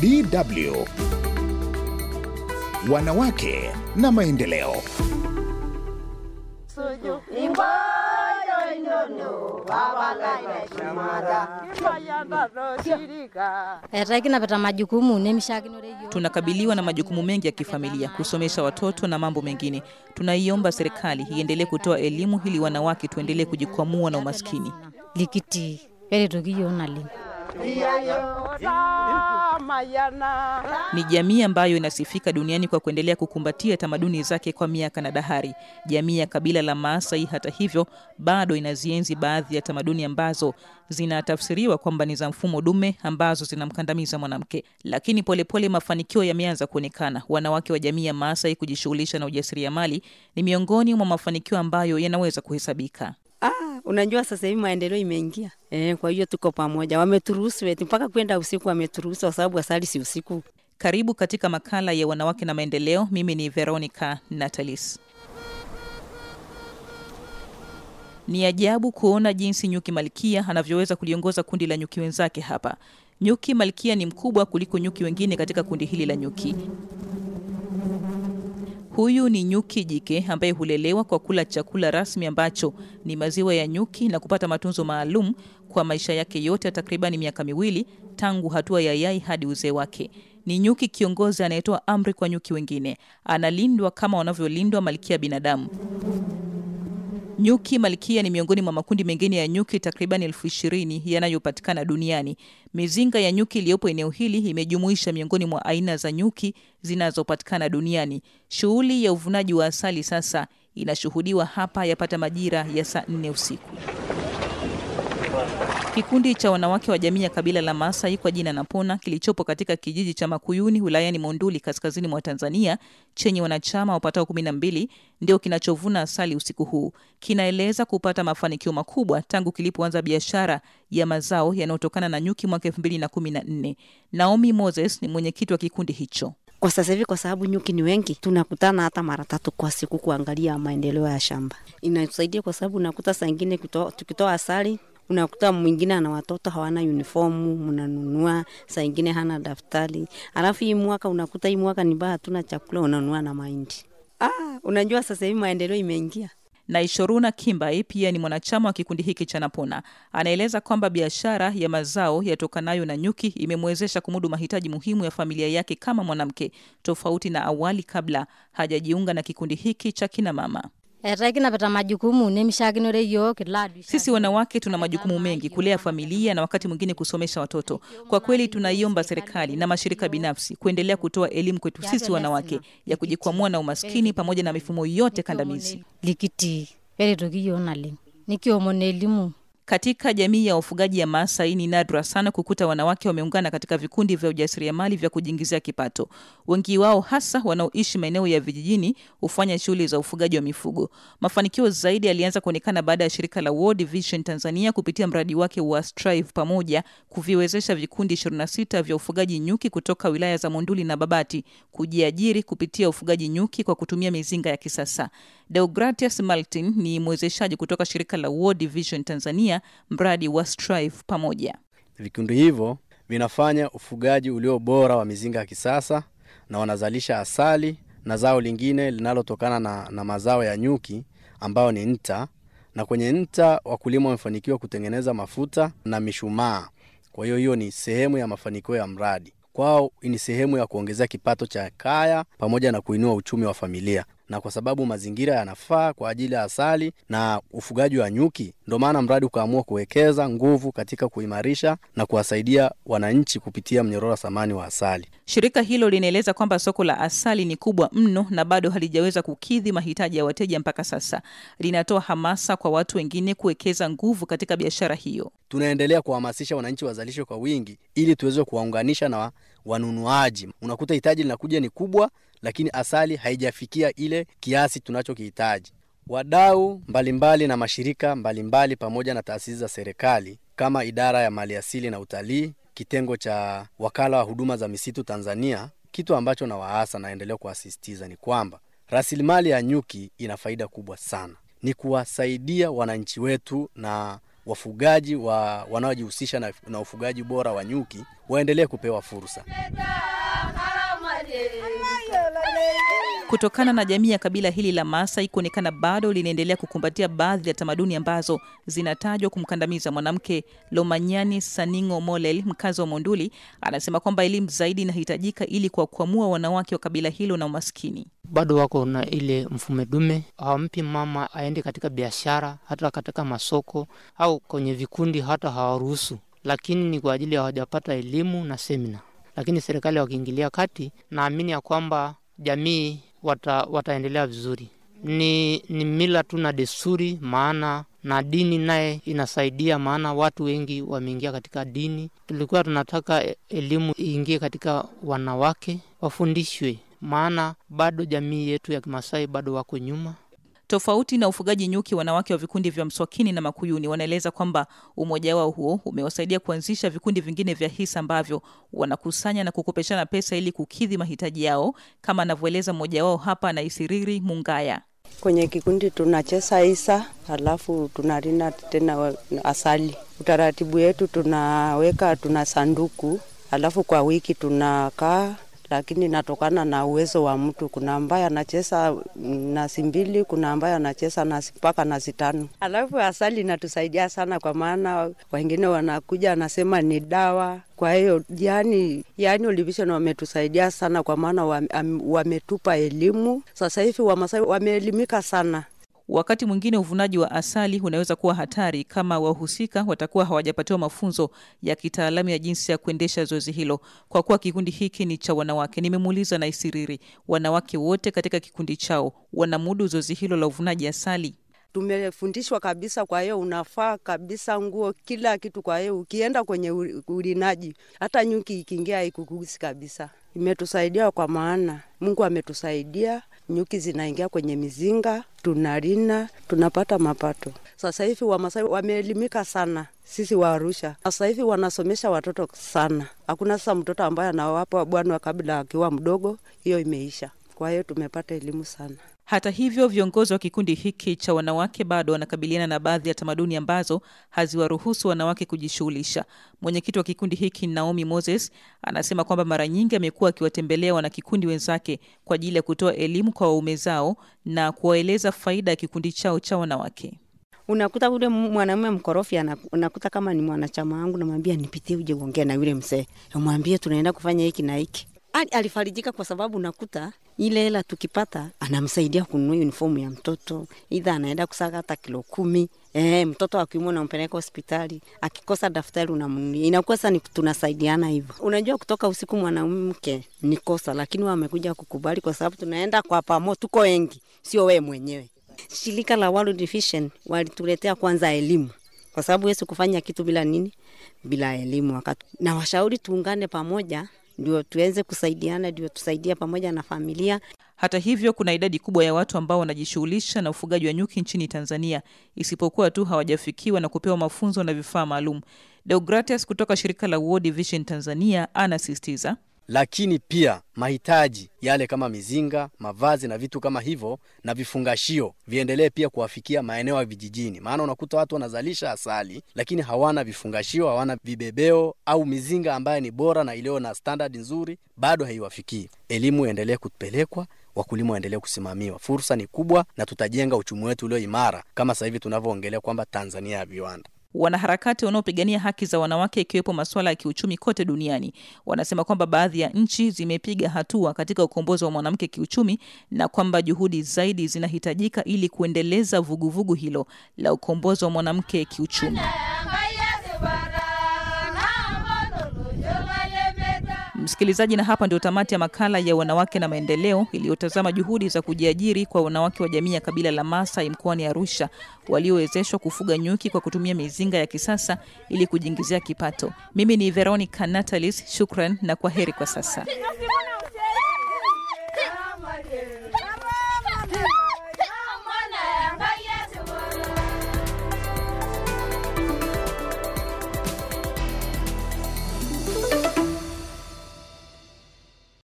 BW. Wanawake na Maendeleo. Tunakabiliwa na majukumu mengi ya kifamilia, kusomesha watoto na mambo mengine. Tunaiomba serikali iendelee kutoa elimu ili wanawake tuendelee kujikwamua na umaskini likiti yale tukiona leo ni jamii ambayo inasifika duniani kwa kuendelea kukumbatia tamaduni zake kwa miaka na dahari. Jamii ya kabila la Maasai, hata hivyo, bado inazienzi baadhi ya tamaduni ambazo zinatafsiriwa kwamba ni za mfumo dume ambazo zinamkandamiza mwanamke, lakini polepole mafanikio yameanza kuonekana. Wanawake wa jamii ya Maasai kujishughulisha na ujasiriamali ni miongoni mwa mafanikio ambayo yanaweza kuhesabika. Unajua sasa hivi maendeleo imeingia e, kwa hiyo tuko pamoja, wameturuhusu eti mpaka kwenda usiku, wameturuhusu kwa sababu asali si usiku. Karibu katika makala ya wanawake na maendeleo. Mimi ni Veronica Natalis. Ni ajabu kuona jinsi nyuki malkia anavyoweza kuliongoza kundi la nyuki wenzake hapa. Nyuki malkia ni mkubwa kuliko nyuki wengine katika kundi hili la nyuki. Huyu ni nyuki jike ambaye hulelewa kwa kula chakula rasmi ambacho ni maziwa ya nyuki na kupata matunzo maalum kwa maisha yake yote ya takribani miaka miwili tangu hatua ya yai hadi uzee wake. Ni nyuki kiongozi anayetoa amri kwa nyuki wengine. Analindwa kama wanavyolindwa malkia binadamu. Nyuki malkia ni miongoni mwa makundi mengine ya nyuki takriban elfu ishirini yanayopatikana duniani. Mizinga ya nyuki iliyopo eneo hili imejumuisha miongoni mwa aina za nyuki zinazopatikana duniani. Shughuli ya uvunaji wa asali sasa inashuhudiwa hapa yapata majira ya saa nne usiku. Kikundi cha wanawake wa jamii ya kabila la Masai kwa jina Napona kilichopo katika kijiji cha Makuyuni wilayani Monduli kaskazini mwa Tanzania chenye wanachama wapatao kumi na mbili ndio kinachovuna asali usiku huu. Kinaeleza kupata mafanikio makubwa tangu kilipoanza biashara ya mazao yanayotokana na nyuki mwaka elfu mbili na kumi na nne. Naomi Moses ni mwenyekiti wa kikundi hicho. Kwa sasa hivi, kwa sababu nyuki ni wengi, tunakutana hata mara tatu kwa siku kuangalia maendeleo ya shamba. Inatusaidia kwa sababu unakuta saa ingine tukitoa asali unakuta mwingine ana watoto hawana unifomu mnanunua saa ingine hana daftari, alafu hii mwaka unakuta hii mwaka ni baa, hatuna chakula, unanunua na mahindi. Ah, unajua sasa hivi maendeleo imeingia. Naishoruna Kimbai pia ni mwanachama wa kikundi hiki cha Napona. Anaeleza kwamba biashara ya mazao yatokanayo na nyuki imemwezesha kumudu mahitaji muhimu ya familia yake kama mwanamke, tofauti na awali kabla hajajiunga na kikundi hiki cha kinamama etaa majukumu nemishakinore yiok sisi wanawake tuna majukumu mengi, kulea familia na wakati mwingine kusomesha watoto. Kwa kweli, tunaiomba serikali na mashirika binafsi kuendelea kutoa elimu kwetu sisi wanawake ya kujikwamua na umaskini pamoja na mifumo yote kandamizi likiti naleng elimu katika jamii ya wafugaji ya Maasai ni nadra sana kukuta wanawake wameungana katika vikundi vya ujasiriamali vya kujiingizia kipato. Wengi wao hasa wanaoishi maeneo ya vijijini hufanya shughuli za ufugaji wa mifugo. Mafanikio zaidi yalianza kuonekana baada ya shirika la World Vision Tanzania kupitia mradi wake wa Strive pamoja kuviwezesha vikundi 26 vya ufugaji nyuki kutoka wilaya za Monduli na Babati kujiajiri kupitia ufugaji nyuki kwa kutumia mizinga ya kisasa. Deogratias Martin ni mwezeshaji kutoka shirika la World Vision Tanzania mradi wa Strive pamoja. Vikundi hivyo vinafanya ufugaji ulio bora wa mizinga ya kisasa na wanazalisha asali na zao lingine linalotokana na, na mazao ya nyuki ambayo ni nta, na kwenye nta wakulima wamefanikiwa kutengeneza mafuta na mishumaa. Kwa hiyo hiyo ni sehemu ya mafanikio ya mradi kwao, ni sehemu ya kuongezea kipato cha kaya pamoja na kuinua uchumi wa familia na kwa sababu mazingira yanafaa kwa ajili ya asali na ufugaji wa nyuki, ndio maana mradi ukaamua kuwekeza nguvu katika kuimarisha na kuwasaidia wananchi kupitia mnyororo wa thamani wa asali. Shirika hilo linaeleza kwamba soko la asali ni kubwa mno na bado halijaweza kukidhi mahitaji ya wateja mpaka sasa. Linatoa hamasa kwa watu wengine kuwekeza nguvu katika biashara hiyo. Tunaendelea kuhamasisha wananchi wazalishwe kwa wingi ili tuweze kuwaunganisha na wanunuaji. Unakuta hitaji linakuja ni kubwa, lakini asali haijafikia ile kiasi tunachokihitaji. Wadau mbalimbali na mashirika mbalimbali mbali pamoja na taasisi za serikali kama idara ya maliasili na utalii, kitengo cha wakala wa huduma za misitu Tanzania, kitu ambacho na waasa naendelea kuasisitiza ni kwamba rasilimali ya nyuki ina faida kubwa sana, ni kuwasaidia wananchi wetu na wafugaji wa, wanaojihusisha na, na ufugaji bora wa nyuki waendelee kupewa fursa. kutokana na jamii ya kabila hili la Maasai kuonekana bado linaendelea kukumbatia baadhi ya tamaduni ambazo zinatajwa kumkandamiza mwanamke. Lomanyani Saningo Molel, mkazi wa Monduli, anasema kwamba elimu zaidi inahitajika ili kuwakwamua wanawake wa kabila hilo na umaskini. Bado wako na ile mfume dume, hawampi mama aende katika biashara, hata katika masoko au kwenye vikundi, hata hawaruhusu, lakini ni kwa ajili ya hawajapata elimu na semina. Lakini serikali wakiingilia kati, naamini ya kwamba jamii wata, wataendelea vizuri. Ni, ni mila tu na desturi, maana na dini naye inasaidia, maana watu wengi wameingia katika dini. Tulikuwa tunataka e, elimu iingie katika wanawake, wafundishwe, maana bado jamii yetu ya Kimasai bado wako nyuma Tofauti na ufugaji nyuki, wanawake wa vikundi vya Mswakini na Makuyuni wanaeleza kwamba umoja wao huo umewasaidia kuanzisha vikundi vingine vya hisa ambavyo wanakusanya na kukopeshana pesa ili kukidhi mahitaji yao, kama anavyoeleza mmoja wao hapa, Naisiriri Mungaya. Kwenye kikundi tunacheza hisa, halafu tunarina tena asali. Utaratibu yetu tunaweka, tuna sanduku, halafu kwa wiki tunakaa lakini natokana na uwezo wa mtu. Kuna ambaye anacheza nasi mbili, kuna ambaye anacheza nasi mpaka nasi tano. Alafu asali inatusaidia sana, kwa maana wengine wanakuja anasema ni dawa. Kwa hiyo yani, yani Olivisheni wametusaidia sana, kwa maana wametupa elimu. Sasa hivi Wamasai wameelimika sana. Wakati mwingine uvunaji wa asali unaweza kuwa hatari kama wahusika watakuwa hawajapatiwa mafunzo ya kitaalamu ya jinsi ya kuendesha zoezi hilo. Kwa kuwa kikundi hiki ni cha wanawake, nimemuuliza na Isiriri, wanawake wote katika kikundi chao wanamudu zoezi hilo la uvunaji asali? Tumefundishwa kabisa, kwa hiyo unafaa kabisa, nguo, kila kitu. Kwa hiyo ukienda kwenye urinaji, hata nyuki ikiingia haikugusi kabisa. Imetusaidia kwa maana Mungu ametusaidia nyuki zinaingia kwenye mizinga, tunarina, tunapata mapato. Sasa hivi Wamasai wameelimika sana, sisi wa Arusha sasa hivi wanasomesha watoto sana. Hakuna sasa mtoto ambaye anawapa bwana kabla akiwa mdogo, hiyo imeisha. Kwa hiyo tumepata elimu sana. Hata hivyo, viongozi wa kikundi hiki cha wanawake bado wanakabiliana na baadhi ya tamaduni ambazo haziwaruhusu wanawake kujishughulisha. Mwenyekiti wa kikundi hiki Naomi Moses anasema kwamba mara nyingi amekuwa akiwatembelea wanakikundi wenzake kwa ajili ya kutoa elimu kwa waume zao na kuwaeleza faida ya kikundi chao cha wanawake. Unakuta ule mwanaume mkorofi, unakuta kama ni mwanachama wangu, namwambia nipitie, uje uongee na yule mzee, mwambie tunaenda kufanya hiki na hiki. Yaani alifarijika kwa sababu nakuta ile hela tukipata, anamsaidia kununua uniformu ya mtoto, idha anaenda kusaga hata kilo kumi. E, mtoto akiumwa unampeleka hospitali, akikosa daftari unamnunulia. Inakuwa sasa tunasaidiana hivo Unajua, kutoka usiku mwanamke ni kosa, lakini wamekuja kukubali kwa sababu tunaenda kwa pamo, tuko wengi, sio wee mwenyewe. Shirika la World Vision walituletea kwanza elimu kwa sababu huwezi kufanya kitu bila nini? Bila elimu. Wakati na washauri tuungane pamoja ndio tuweze kusaidiana, ndio tusaidia pamoja na familia. Hata hivyo, kuna idadi kubwa ya watu ambao wanajishughulisha na ufugaji wa nyuki nchini Tanzania, isipokuwa tu hawajafikiwa na kupewa mafunzo na vifaa maalum. Deogratias kutoka shirika la World Vision Tanzania anasistiza lakini pia mahitaji yale kama mizinga, mavazi na vitu kama hivyo na vifungashio viendelee pia kuwafikia maeneo ya vijijini, maana unakuta watu wanazalisha asali lakini hawana vifungashio, hawana vibebeo au mizinga ambayo ni bora na iliyo na standard nzuri, bado haiwafikii. Elimu iendelee kupelekwa, wakulima waendelee kusimamiwa. Fursa ni kubwa na tutajenga uchumi wetu ulio imara, kama sasa hivi tunavyoongelea kwamba Tanzania ya viwanda. Wanaharakati wanaopigania haki za wanawake ikiwepo masuala ya kiuchumi kote duniani wanasema kwamba baadhi ya nchi zimepiga hatua katika ukombozi wa mwanamke kiuchumi na kwamba juhudi zaidi zinahitajika ili kuendeleza vuguvugu vugu hilo la ukombozi wa mwanamke kiuchumi. Msikilizaji, na hapa ndio tamati ya makala ya wanawake na maendeleo iliyotazama juhudi za kujiajiri kwa wanawake wa jamii ya kabila la masai mkoani Arusha waliowezeshwa kufuga nyuki kwa kutumia mizinga ya kisasa ili kujiingizia kipato. Mimi ni Veronica Natalis, shukran na kwa heri kwa sasa.